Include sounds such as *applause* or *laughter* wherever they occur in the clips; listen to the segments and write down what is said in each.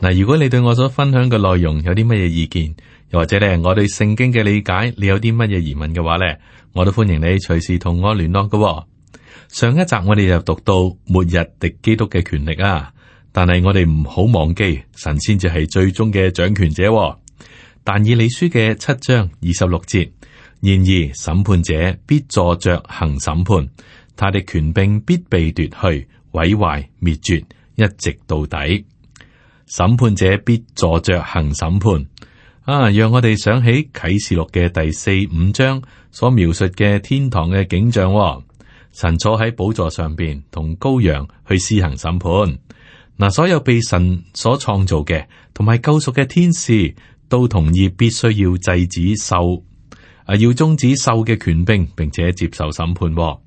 嗱，如果你對我所分享嘅內容有啲乜嘢意見，又或者咧，我對聖經嘅理解，你有啲乜嘢疑問嘅話咧，我都歡迎你隨時同我聯絡嘅、哦。上一集我哋就讀到末日敵基督嘅權力啊，但係我哋唔好忘記神先至係最終嘅掌權者、哦。但以理書嘅七章二十六節，然而審判者必坐着行審判，他的權柄必被奪去、毀壞、滅絕，一直到底。審判者必坐着行審判，啊，讓我哋想起啟示錄嘅第四、五章所描述嘅天堂嘅景象喎。神坐喺寶座上邊，同羔羊去施行審判。嗱、啊，所有被神所創造嘅，同埋救贖嘅天使，都同意必須要制止獸，啊，要終止獸嘅權柄，並且接受審判喎。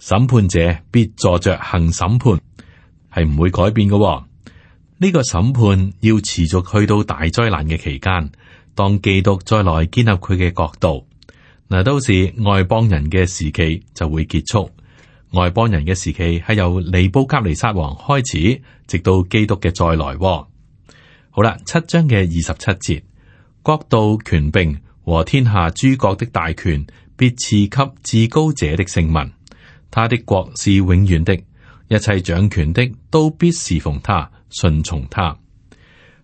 審判者必坐着行審判，係唔會改變㗎喎。呢個審判要持續去到大災難嘅期間，當基督再來建立佢嘅國度。嗱，到時外邦人嘅時期就會結束。外邦人嘅時期係由尼布甲尼撒王開始，直到基督嘅再來，哦。好啦，七章嘅二十七節，國度權柄和天下諸國的大權，必賜給至高者的聖民。他的國是永遠的，一切掌權的都必侍奉他。順從他，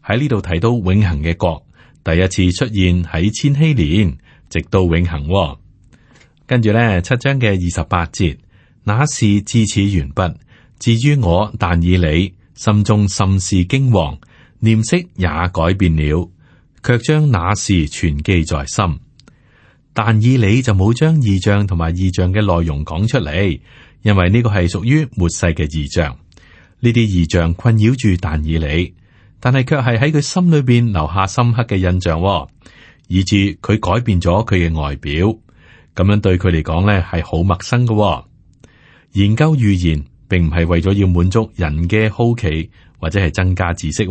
喺呢度提到永恒嘅國，第一次出現喺千禧年，直到永恒，哦。跟住呢七章嘅二十八節，那事至此完畢。至於我，但以理心中甚是驚惶，臉色也改變了，卻將那事存記在心。但以理就冇將異象同埋異象嘅內容講出嚟，因為呢個係屬於末世嘅異象。呢啲異象困擾住但以理，但係卻係喺佢心裏邊留下深刻嘅印象，以至佢改變咗佢嘅外表。咁樣對佢嚟講咧，係好陌生㗎。研究預言並唔係為咗要滿足人嘅好奇或者係增加知識，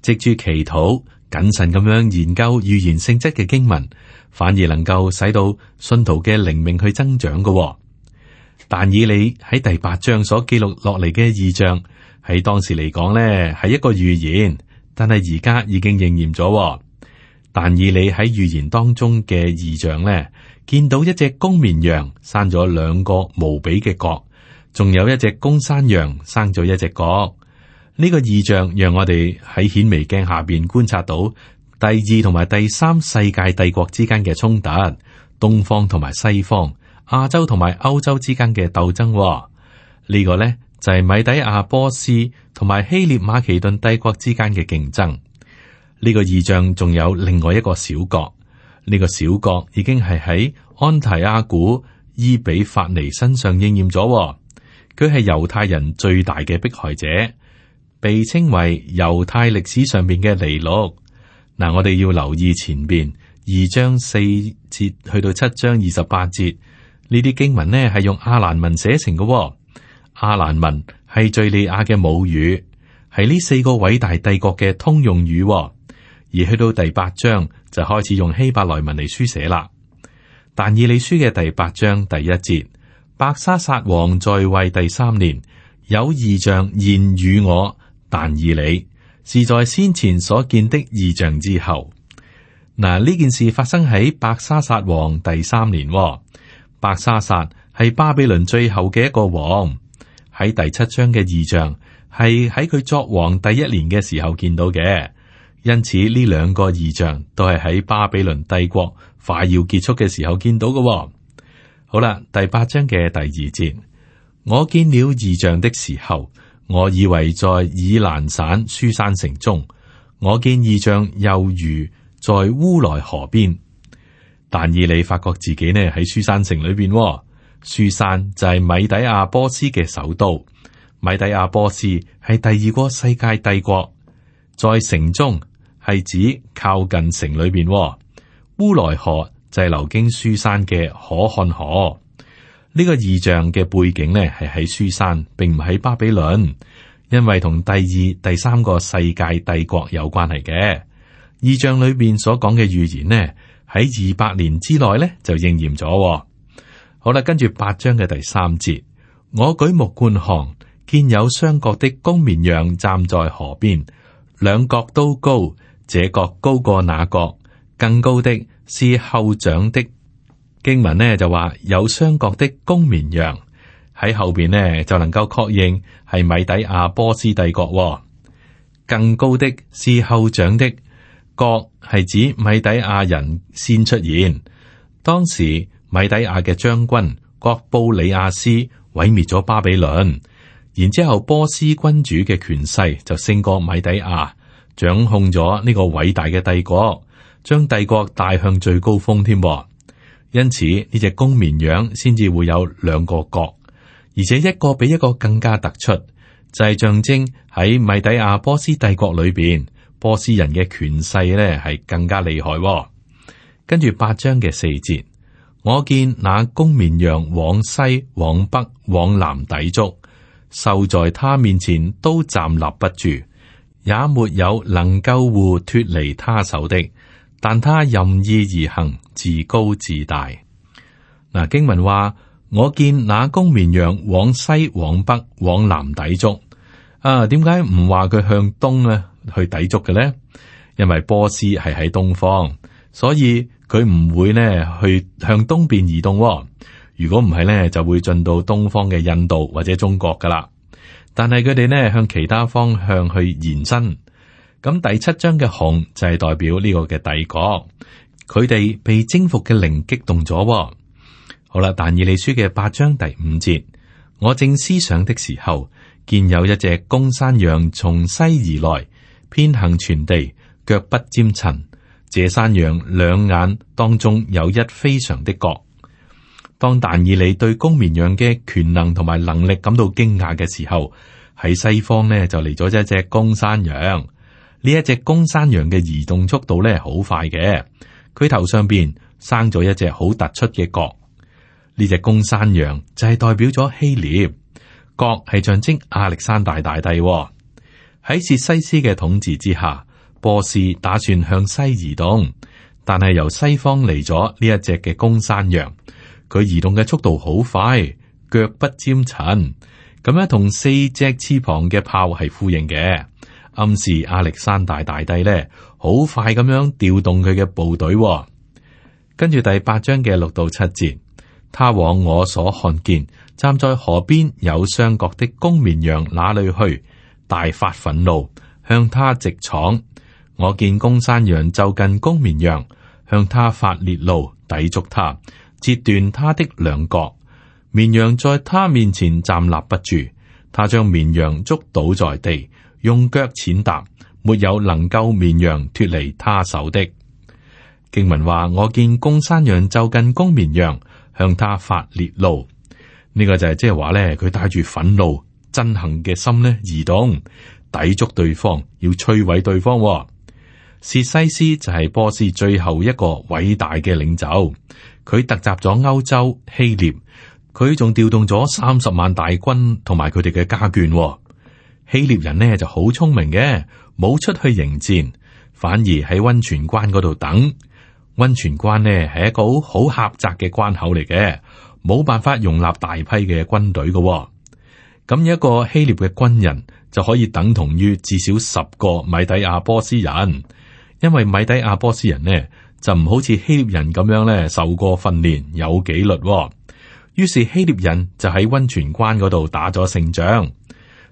藉住祈禱謹慎咁樣研究預言性質嘅經文，反而能夠使到信徒嘅靈命去增長㗎。但以理喺第八章所記錄落嚟嘅異象，喺當時嚟講咧，係一個預言，但係而家已經應驗咗。但以理喺預言當中嘅異象咧，見到一隻公綿羊生咗兩個無比嘅角，仲有一隻公山羊生咗一隻角。呢個異象讓我哋喺顯微鏡下邊觀察到第二同埋第三世界帝國之間嘅衝突，東方同埋西方。亞洲同埋歐洲之間嘅鬥爭呢、哦這個呢，就係、是、米底亞波斯同埋希臘馬其頓帝國之間嘅競爭。呢、這個異象仲有另外一個小國，呢、這個小國已經係喺安提阿古伊比法尼身上應驗咗、哦。佢係猶太人最大嘅迫害者，被稱為猶太歷史上面嘅尼祿。嗱、啊，我哋要留意前面二章四節去到七章二十八節。呢啲經文呢係用阿蘭文寫成嘅、哦。阿蘭文係敘利亞嘅母語，係呢四個偉大帝國嘅通用語、哦。而去到第八章就開始用希伯來文嚟書寫啦。但以理書嘅第八章第一節，白沙撒王在位第三年有異象現與我。但以理是在先前所見的異象之後。嗱，呢件事發生喺白沙撒王第三年、哦。伯沙撒係巴比倫最後嘅一個王，喺第七章嘅異象係喺佢作王第一年嘅時候見到嘅，因此呢兩個異象都係喺巴比倫帝國快要結束嘅時候見到嘅、哦。好啦，第八章嘅第二節，我見了異象的時候，我以為在以蘭省書珊城中，我見異象又如在烏來河邊。但以理發覺自己呢喺書山城裏邊，書山就係米底亞波斯嘅首都。米底亞波斯係第二個世界帝國。在城中係指靠近城裏邊。烏來河就係流經書山嘅可汗河。呢、這個異象嘅背景呢係喺書山，並唔喺巴比倫，因為同第二、第三個世界帝國有關係嘅異象裏面所講嘅預言呢，喺二百年之內咧就應驗咗。好啦，跟住八章嘅第三節，我舉目觀看，見有雙角的公綿羊站在河邊，兩角都高，這角高過那角，更高的，是後長的。經文呢就話有雙角的公綿羊喺後邊呢就能夠確認係米底亞波斯帝國。更高的，是後長的。角係指米底亞人先出現，當時米底亞嘅將軍郭布里亞斯毀滅咗巴比倫，然之後波斯君主嘅權勢就勝過米底亞，掌控咗呢個偉大嘅帝國，將帝國帶向最高峰添。因此呢隻公綿羊先至會有兩個角，而且一個比一個更加突出，就係、是、象徵喺米底亞波斯帝國裏邊。波斯人嘅權勢呢係更加厲害哦。跟住八章嘅四節，我見那公綿羊往西、往北、往南抵觸，受在他面前都站立不住，也沒有能救護脫離他手的。但他任意而行，自高自大。嗱，經文話：我見那公綿羊往西、往 *noise* 北、往南抵觸。啊，點解唔話佢向東呢？去抵觸嘅咧，因為波斯係喺東方，所以佢唔會咧去向東邊移動、哦。如果唔係咧，就會進到東方嘅印度或者中國噶啦。但係佢哋咧向其他方向去延伸。咁第七章嘅紅就係代表呢個嘅帝國，佢哋被征服嘅靈激動咗、哦。好啦，但以理書嘅八章第五節，我正思想的時候，見有一隻公山羊從西而來。偏行全地，腳不沾塵。這山羊兩眼當中有一非常的角。當但以理，理對公綿羊嘅權能同埋能力感到驚訝嘅時候，喺西方呢就嚟咗一隻公山羊。呢一隻公山羊嘅移動速度呢好快嘅，佢頭上邊生咗一隻好突出嘅角。呢隻公山羊就係代表咗希臘，角係象徵亞歷山大大帝。喺薛西斯嘅統治之下，波斯打算向西移動，但係由西方嚟咗呢一隻嘅公山羊，佢移動嘅速度好快，腳不沾塵，咁樣同四隻翅膀嘅豹係呼應嘅，暗示亞歷山大大帝咧好快咁樣調動佢嘅部隊，哦。跟住第八章嘅六到七節，他往我所看見站在河邊有雙角的公綿羊那裏去，大發憤怒，向他直闖。我見公山羊就近公綿羊，向他發烈怒，抵觸他，截斷他的兩角。綿羊在他面前站立不住，他將綿羊捉倒在地，用腳踐踏，沒有能夠綿羊脫離他手的。經文話：我見公山羊就近公綿羊，向他發烈怒。呢、這個就係即係話咧，佢帶住憤怒。真行嘅心咧移動，抵觸對方，要摧毀對方、哦。薛西斯就係波斯最後一個偉大嘅領袖，佢突襲咗歐洲希臘，佢仲調動咗三十萬大軍同埋佢哋嘅家眷、哦。希臘人呢就好聰明嘅，冇出去迎戰，反而喺温泉關嗰度等。温泉關呢係一個好好狹窄嘅關口嚟嘅，冇辦法容納大批嘅軍隊嘅、哦。咁一個希臘嘅軍人就可以等同於至少十個米底亞波斯人，因為米底亞波斯人呢就唔好似希臘人咁樣呢受過訓練、有紀律。於是希臘人就喺溫泉關嗰度打咗勝仗。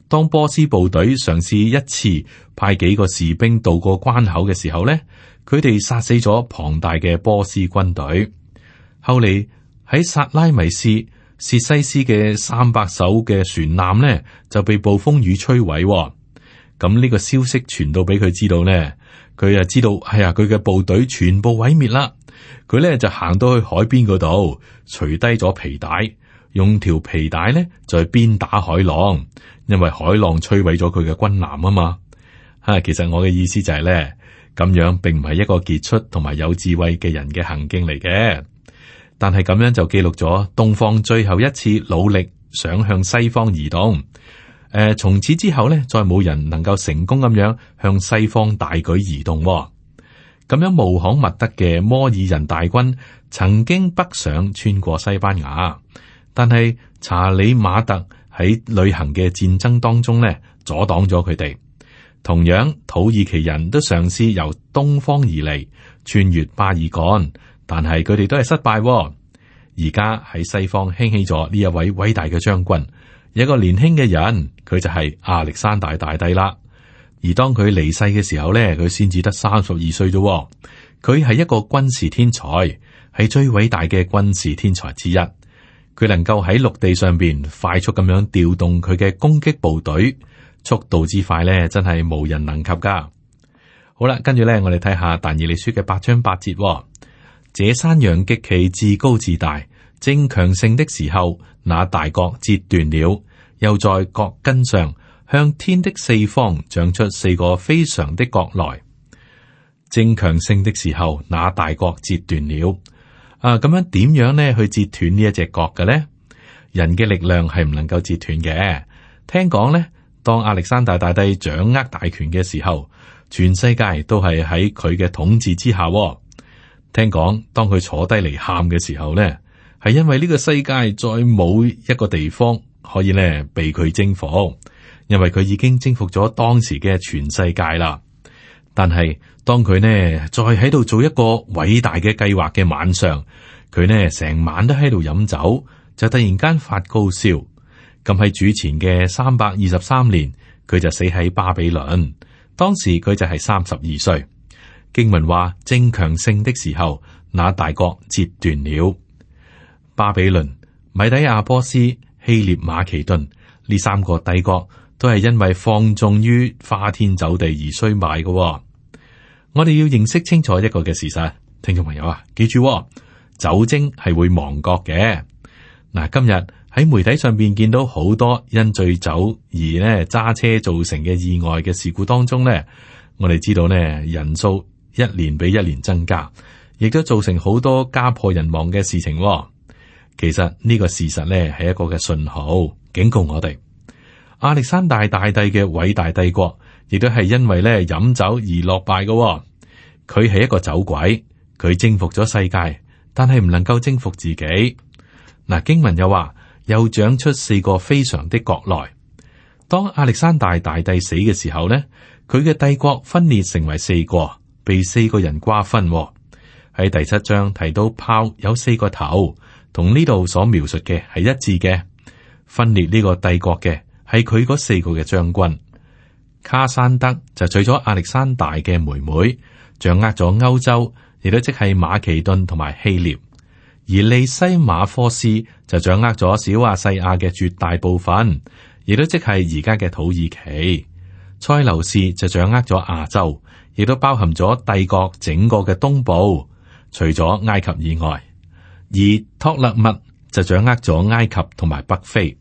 當波斯部隊嘗試一次派幾個士兵渡過關口嘅時候呢，佢哋殺死咗龐大嘅波斯軍隊。後嚟喺薩拉米斯。薛西斯嘅三百艘嘅船艦呢，就被暴風雨摧毀、哦。咁呢個消息傳到俾佢知道呢，佢啊知道，哎呀，佢嘅部隊全部毀滅啦。佢呢就行到去海邊嗰度，除低咗皮帶，用條皮帶呢就去鞭打海浪，因為海浪摧毀咗佢嘅軍艦啊嘛。吓、啊，其實我嘅意思就係、是、呢，咁樣並唔係一個傑出同埋有智慧嘅人嘅行徑嚟嘅。但係咁樣就記錄咗東方最後一次努力想向西方移動。誒、呃，從此之後呢，再冇人能夠成功咁樣向西方大舉移動、哦。咁樣穆罕默德嘅摩爾人大軍曾經北上穿過西班牙，但係查理馬特喺旅行嘅戰爭當中呢，阻擋咗佢哋。同樣土耳其人都嘗試由東方而嚟穿越巴爾幹。但係佢哋都係失敗。而家喺西方興起咗呢一位偉大嘅將軍，有一個年輕嘅人，佢就係亞歷山大大帝啦。而當佢離世嘅時候咧，佢先至得三十二歲啫。佢係一個軍事天才，係最偉大嘅軍事天才之一。佢能夠喺陸地上邊快速咁樣調動佢嘅攻擊部隊，速度之快咧，真係無人能及。噶好啦，跟住咧，我哋睇下《但以理書》嘅八章八節。這山羊極其自高自大，正強盛的時候，那大角折斷了，又在角根上向天的四方長出四個非常的角來。正強盛的時候，那大角折斷了。啊，咁樣點樣呢去折斷呢一隻角嘅呢？人嘅力量係唔能夠折斷嘅。聽講呢，當亞歷山大大帝掌握大權嘅時候，全世界都係喺佢嘅統治之下，哦。聽講，當佢坐低嚟喊嘅時候呢係因為呢個世界再冇一個地方可以呢被佢征服，因為佢已經征服咗當時嘅全世界啦。但係當佢呢再喺度做一個偉大嘅計劃嘅晚上，佢呢成晚都喺度飲酒，就突然間發高燒。咁喺主前嘅三百二十三年，佢就死喺巴比倫，當時佢就係三十二歲。經文話正強盛的時候，那大國折斷了。巴比倫、米底亞波斯、希臘馬其頓呢三個帝國，都係因為放縱於花天酒地而衰敗嘅喎。我哋要認識清楚一個嘅事實，聽眾朋友啊，記住喎，酒精係會亡國嘅。嗱，今日喺媒體上邊見到好多因醉酒而呢揸車造成嘅意外嘅事故當中呢，我哋知道呢，人數。一年比一年增加，亦都造成好多家破人亡嘅事情、哦。其實呢、呢個事實咧係一個嘅信號，警告我哋。亞歷山大大帝嘅偉大帝國，亦都係因為咧飲酒而落敗嘅、哦。佢係一個酒鬼，佢征服咗世界，但係唔能夠征服自己。嗱，經文又話又長出四個非常的國內。當亞歷山大大帝死嘅時候咧，佢嘅帝國分裂成為四個。被四個人瓜分喎、哦，喺第七章提到豹有四個頭，同呢度所描述嘅係一致嘅。分裂呢個帝國嘅係佢嗰四個嘅將軍。卡山德就娶咗亞歷山大嘅妹妹，掌握咗歐洲，亦都即係馬其頓同埋希臘。而利西馬科斯就掌握咗小亞細亞嘅絕大部分，亦都即係而家嘅土耳其。塞留士就掌握咗亞洲。亦都包含咗帝國整個嘅東部，除咗埃及以外，而托勒密就掌握咗埃及同埋北非。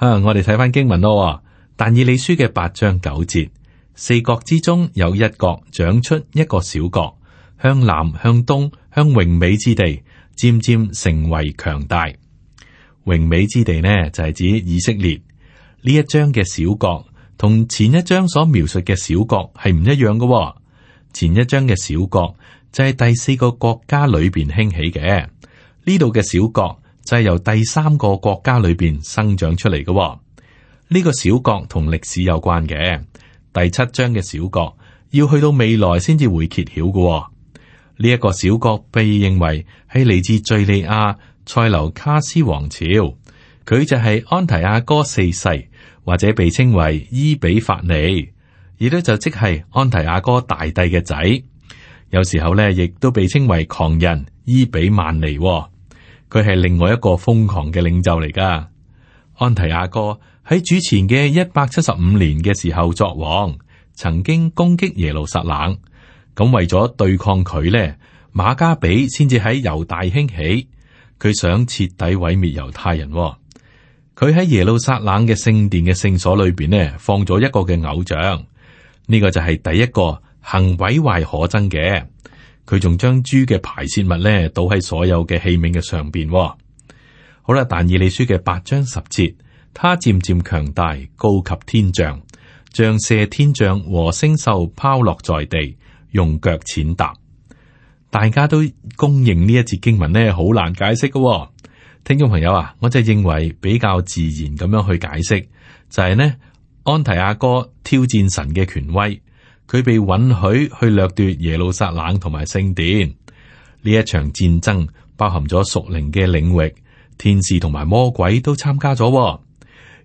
吓，我哋睇翻經文咯，但以理書嘅八章九節，四角之中有一角長出一個小角，向南、向東、向榮美之地，漸漸成為強大。榮美之地呢，就係、是、指以色列呢一章嘅小角。同前一章所描述嘅小國係唔一樣嘅、哦，前一章嘅小國就係第四個國家裏邊興起嘅，呢度嘅小國就係由第三個國家裏邊生長出嚟嘅、哦。呢個小國同歷史有關嘅，第七章嘅小國要去到未來先至會揭曉嘅、哦。呢一個小國被認為係嚟自敘利亞塞留卡斯王朝，佢就係安提阿哥四世。或者被稱為伊比法尼，而咧就即係安提阿哥大帝嘅仔。有時候咧，亦都被稱為狂人伊比曼尼。佢係另外一個瘋狂嘅領袖嚟噶安提阿哥喺主前嘅一百七十五年嘅時候作王，曾經攻擊耶路撒冷。咁為咗對抗佢咧，馬加比先至喺猶大興起。佢想徹底毀滅猶太人。佢喺耶路撒冷嘅聖殿嘅聖所裏邊呢，放咗一個嘅偶像，呢、這個就係第一個行毀壞可憎嘅。佢仲將豬嘅排泄物呢倒喺所有嘅器皿嘅上邊，哦。好啦，但以理書嘅八章十節，他漸漸強大，高及天象，將些天象和星宿拋落在地，用腳踐踏。大家都公認呢一節經文呢，好難解釋嘅，哦。聽眾朋友啊，我就認為比較自然咁樣去解釋，就係呢，安提阿哥挑戰神嘅權威，佢被允許去掠奪耶路撒冷同埋聖殿。呢一場戰爭，包含咗屬靈嘅領域，天使同埋魔鬼都參加咗，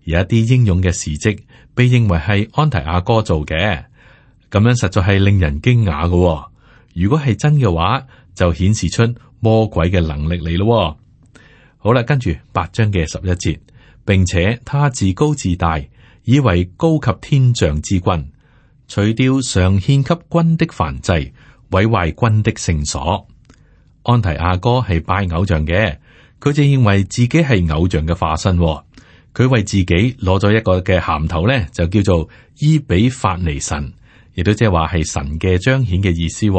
有一啲英勇嘅事跡被認為係安提阿哥做嘅，咁樣實在係令人驚訝噶。如果係真嘅話，就顯示出魔鬼嘅能力嚟咯。好啦，跟住八章嘅十一節，並且他自高自大，以為高及天象之君，除掉常獻給君的燔祭，毀壞君的聖所。安提阿哥係拜偶像嘅，佢就認為自己係偶像嘅化身。佢為自己攞咗一個嘅銜頭呢，就叫做伊比法尼神，亦都即係話係神嘅彰顯嘅意思。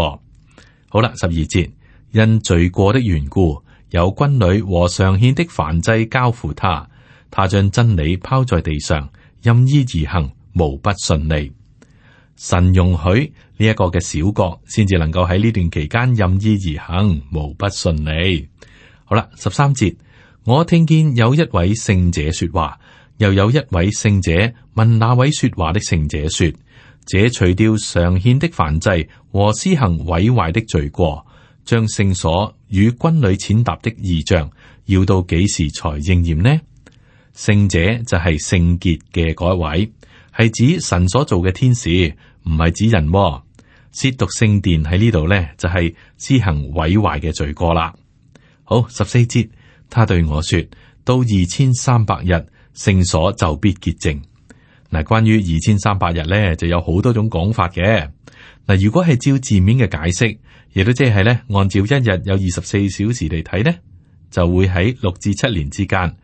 好啦，十二節，因罪過的緣故。有軍旅和常獻的燔祭交付他，他將真理拋在地上，任意而行，無不順利。神容許呢一個嘅小國，先至能夠喺呢段期間任意而行，無不順利。好啦，十三節，我聽見有一位聖者說話，又有一位聖者問那位說話的聖者說：這除掉常獻的燔祭和施行毀壞的罪過，將聖所，與軍旅踐踏的異象，要到幾時才應驗呢？聖者就係聖潔嘅嗰一位，係指神所做嘅天使，唔係指人啊。褻瀆聖殿喺呢度呢，就係施行毀壞嘅罪過啦。好，十四節，他對我說：到二千三百日，聖所就必潔淨。嗱，關於二千三百日咧，就有好多種講法嘅。嗱，如果係照字面嘅解釋。亦都即係咧，按照一日有二十四小時嚟睇咧，就會喺六至七年之間。誒、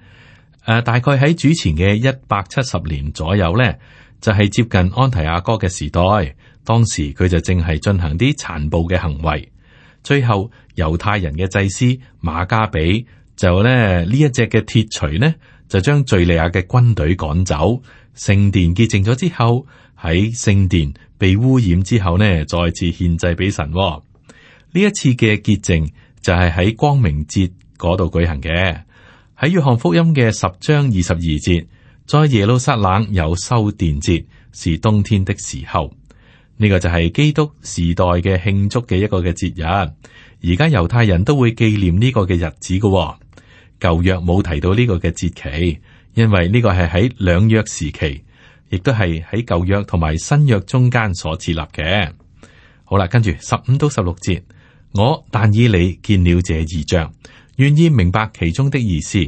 啊，大概喺主前嘅一百七十年左右咧，就係、是、接近安提阿哥嘅時代。當時佢就正係進行啲殘暴嘅行為。最後猶太人嘅祭司馬加比就咧呢一隻嘅鐵錘呢，就將敘利亞嘅軍隊趕走。聖殿潔淨咗之後，喺聖殿被污染之後呢，再次獻祭俾神、哦。呢一次嘅潔淨就係喺光明節嗰度舉行嘅。喺約翰福音嘅十章二十二節，在耶路撒冷有修殿節，是冬天的時候。呢、這個就係基督時代嘅慶祝嘅一個嘅節日。而家猶太人都會紀念呢個嘅日子嘅、哦。舊約冇提到呢個嘅節期，因為呢個係喺兩約時期，亦都係喺舊約同埋新約中間所設立嘅。好啦，跟住十五到十六節。我但以理見了這異象，願意明白其中的意思。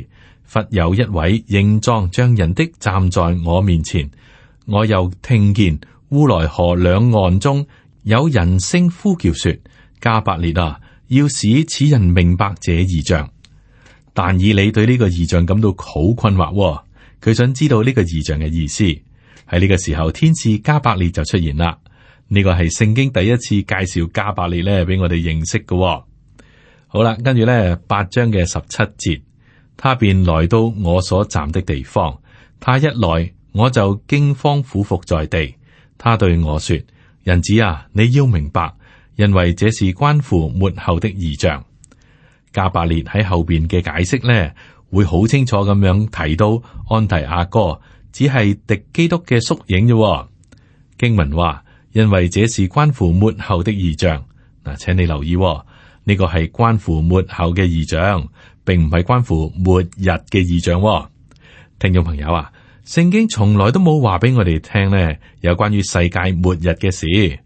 忽有一位形狀像人的站在我面前，我又聽見烏來河兩岸中有人聲呼叫說：加百列啊，要使此人明白這異象。但以理對呢個異象感到好困惑喎，佢想知道呢個異象嘅意思。喺呢個時候，天使加百列就出現啦。呢個係聖經第一次介紹加百列咧，俾我哋認識嘅、哦。好啦，跟住咧八章嘅十七節，他便來到我所站的地方。他一來，我就驚慌俯伏在地。他對我說：人子啊，你要明白，因為這是關乎末後的異象。加百列喺後邊嘅解釋咧，會好清楚咁樣提到安提阿哥只係敵基督嘅縮影啫。經文話。因為這是關乎末後的異象，嗱，請你留意呢個係關乎末後嘅異象，並唔係關乎末日嘅異象、哦。聽眾朋友啊，聖經從來都冇話俾我哋聽呢有關於世界末日嘅事。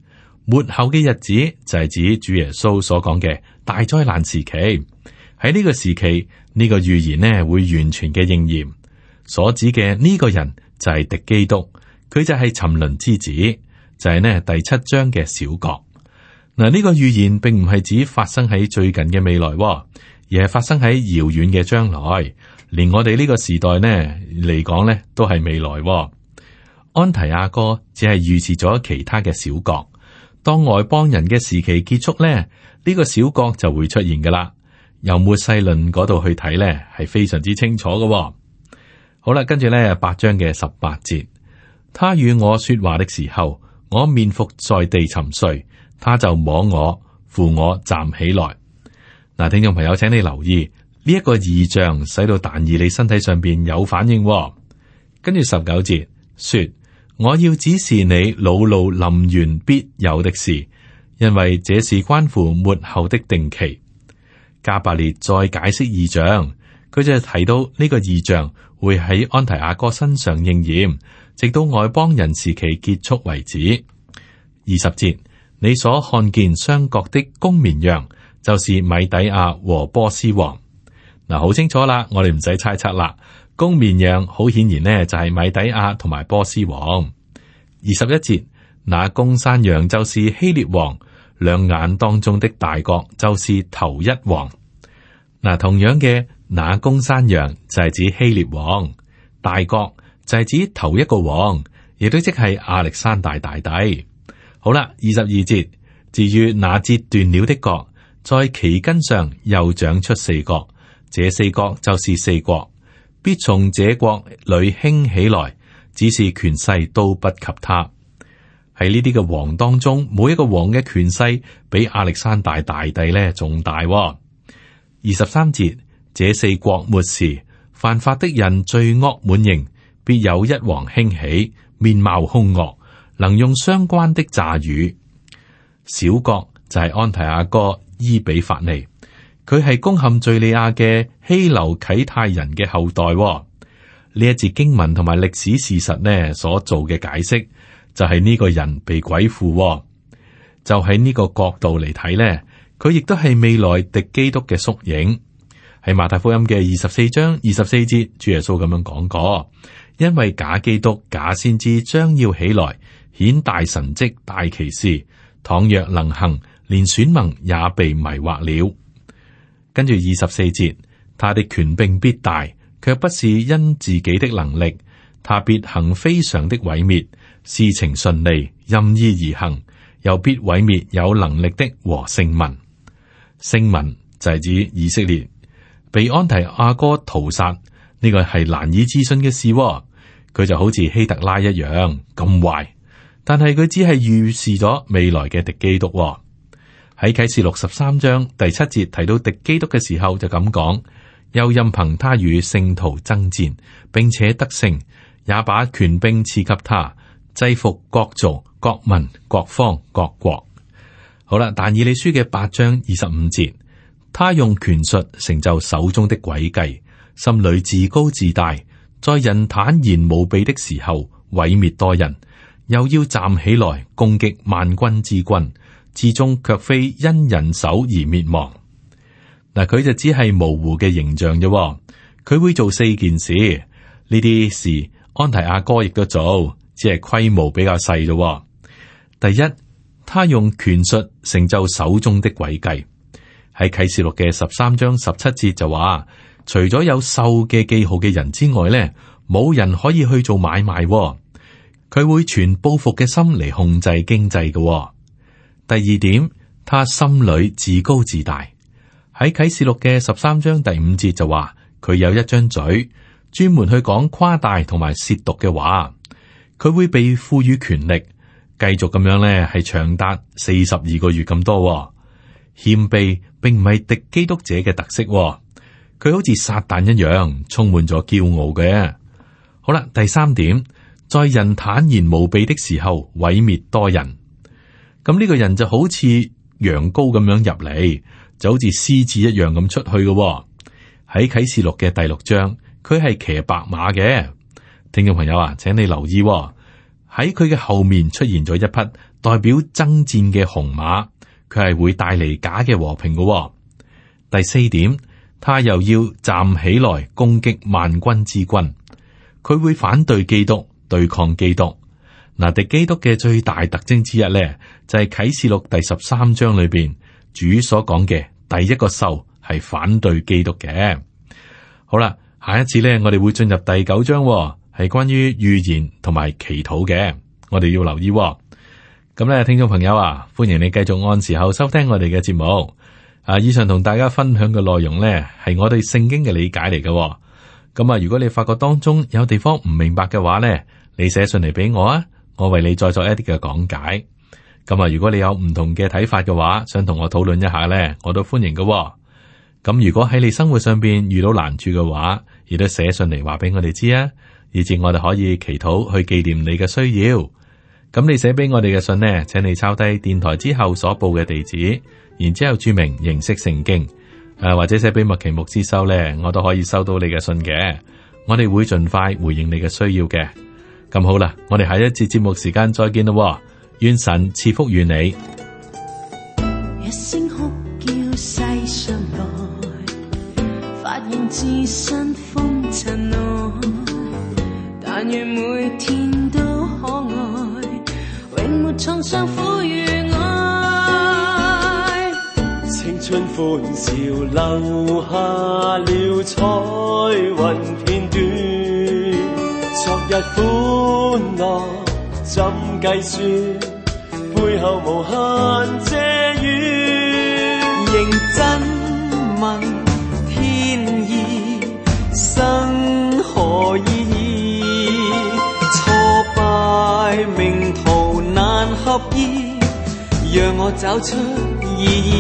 末後嘅日子就係指主耶穌所講嘅大災難時期。喺呢個時期，呢、呢個預言呢會完全嘅應驗，所指嘅呢個人就係敵基督，佢就係沉淪之子。就係呢第七章嘅小角嗱。呢、這個預言並唔係指發生喺最近嘅未來、哦，而係發生喺遙遠嘅將來。連我哋呢個時代呢嚟講呢，都係未來、哦。安提亞哥只係預示咗其他嘅小角。當外邦人嘅時期結束呢，呢、這個小角就會出現噶啦。由末世論嗰度去睇呢，係非常之清楚噶、哦。好啦，跟住呢八章嘅十八節，他與我說話的時候。我面伏在地沉睡，他就摸我扶我站起來。嗱，聽眾朋友，請你留意呢一個異象，使到但以理身體上邊有反應、哦。跟住十九節說，我要指示你惱怒臨完必有的事，因為這是關乎末後的定期。加百列再解釋異象，佢就提到呢個異象會喺安提亞哥身上應驗。直到外邦人時期結束為止。二十節，你所看見雙角的公綿羊，就是米底亞和波斯王。嗱、嗯，好清楚啦，我哋唔使猜測啦。公綿羊好顯然呢，就係米底亞同埋波斯王。二十一節，那公山羊就是希臘王，兩眼當中的大國就是頭一王。嗱、嗯，同樣嘅，那公山羊就係指希臘王大國。就係指頭一個王，亦都即係亞歷山大大帝。好啦，二十二節，至於那節斷了的角，在其根上又長出四角，這四角就是四國，必從這國裏興起來，只是權勢都不及他。喺呢啲嘅王當中，每一個王嘅權勢比亞歷山大大帝呢仲大、哦。二十三節，這四國末時，犯法的人罪惡滿盈。必有一王興起，面貌兇惡，能用相關的詐語。小國就係安提亞哥伊比法尼，佢係攻陷敘利亞嘅希留啟泰人嘅後代。呢一節經文同埋歷史事實呢所做嘅解釋，就係呢個人被鬼附喎。就喺呢個角度嚟睇呢，佢亦都係未來敵基督嘅縮影。喺馬太福音嘅二十四章二十四節，主耶穌咁樣講過。因為假基督、假先知將要起來，顯大神蹟、大奇事，倘若能行，連選民也被迷惑了。跟住二十四節，他的權柄必大，卻不是因自己的能力，他必行非常的毀滅。事情順利，任意而行，又必毀滅有能力的和聖民。聖民就係指以色列被安提阿哥屠殺，呢、這個係難以置信嘅事、哦。佢就好似希特拉一樣咁壞，但係佢只係預示咗未來嘅敵基督喎、哦。喺啟示六十三章第七節提到敵基督嘅時候就咁講：又任憑他與聖徒爭戰，並且得勝，也把權柄賜給他，制服各族、各民、各方、各國。好啦，但以理書嘅八章二十五節，他用權術成就手中的詭計，心裏自高自大。在人坦然無備的時候毀滅多人，又要站起來攻擊萬軍之君，至終卻非因人手而滅亡。嗱，佢就只係模糊嘅形象啫，佢會做四件事，呢啲事安提阿哥亦都做，只係規模比較細啫。第一，他用權術成就手中的詭計，喺啟示錄嘅十三章十七節就話。除咗有獸嘅記號嘅人之外咧，冇人可以去做買賣、哦。佢會全報復嘅心嚟控制經濟嘅、哦。第二點，他心裏自高自大。喺啟示錄嘅十三章第五節就話佢有一張嘴，專門去講誇大同埋褻瀆嘅話。佢會被賦予權力，繼續咁樣咧，係長達四十二個月咁多、哦。謙卑並唔係敵基督者嘅特色、哦。佢好似撒旦一樣，充滿咗驕傲嘅。好啦，第三點，在人坦然無備的時候，毀滅多人。咁呢個人就好似羊羔咁樣入嚟，就好似獅子一樣咁出去嘅、哦。喺啟示錄嘅第六章，佢係騎白馬嘅。聽眾朋友啊，請你留意喎、哦，喺佢嘅後面出現咗一匹代表爭戰嘅紅馬，佢係會帶嚟假嘅和平嘅、哦。第四點。他又要站起來攻擊萬君之君，佢會反對基督，對抗基督。嗱，敵基督嘅最大特徵之一呢，就係、是、啟示錄第十三章裏邊主所講嘅第一個獸係反對基督嘅。好啦，下一次呢，我哋會進入第九章、哦，係關於預言同埋祈禱嘅，我哋要留意、哦。咁咧，聽眾朋友啊，歡迎你繼續按時候收聽我哋嘅節目。啊，以上同大家分享嘅內容呢，係我對聖經嘅理解嚟嘅。咁啊，如果你發覺當中有地方唔明白嘅話呢，你寫信嚟俾我啊，我為你再作一啲嘅講解。咁啊，如果你有唔同嘅睇法嘅話，想同我討論一下呢，我都歡迎嘅。咁如果喺你生活上邊遇到難處嘅話，亦都寫信嚟話俾我哋知啊，以至我哋可以祈禱去紀念你嘅需要。咁你寫俾我哋嘅信呢，請你抄低電台之後所報嘅地址，然之後注明形式成經，誒、啊、或者寫俾麥琪牧師收呢，我都可以收到你嘅信嘅，我哋會盡快回應你嘅需要嘅。咁好啦，我哋下一節節目時間再見咯，願神賜福於你。創傷苦與愛，青春歡笑留下了彩雲片段。昨日歡樂怎計算？背後無限嗟怨，認真問。讓我找出意義。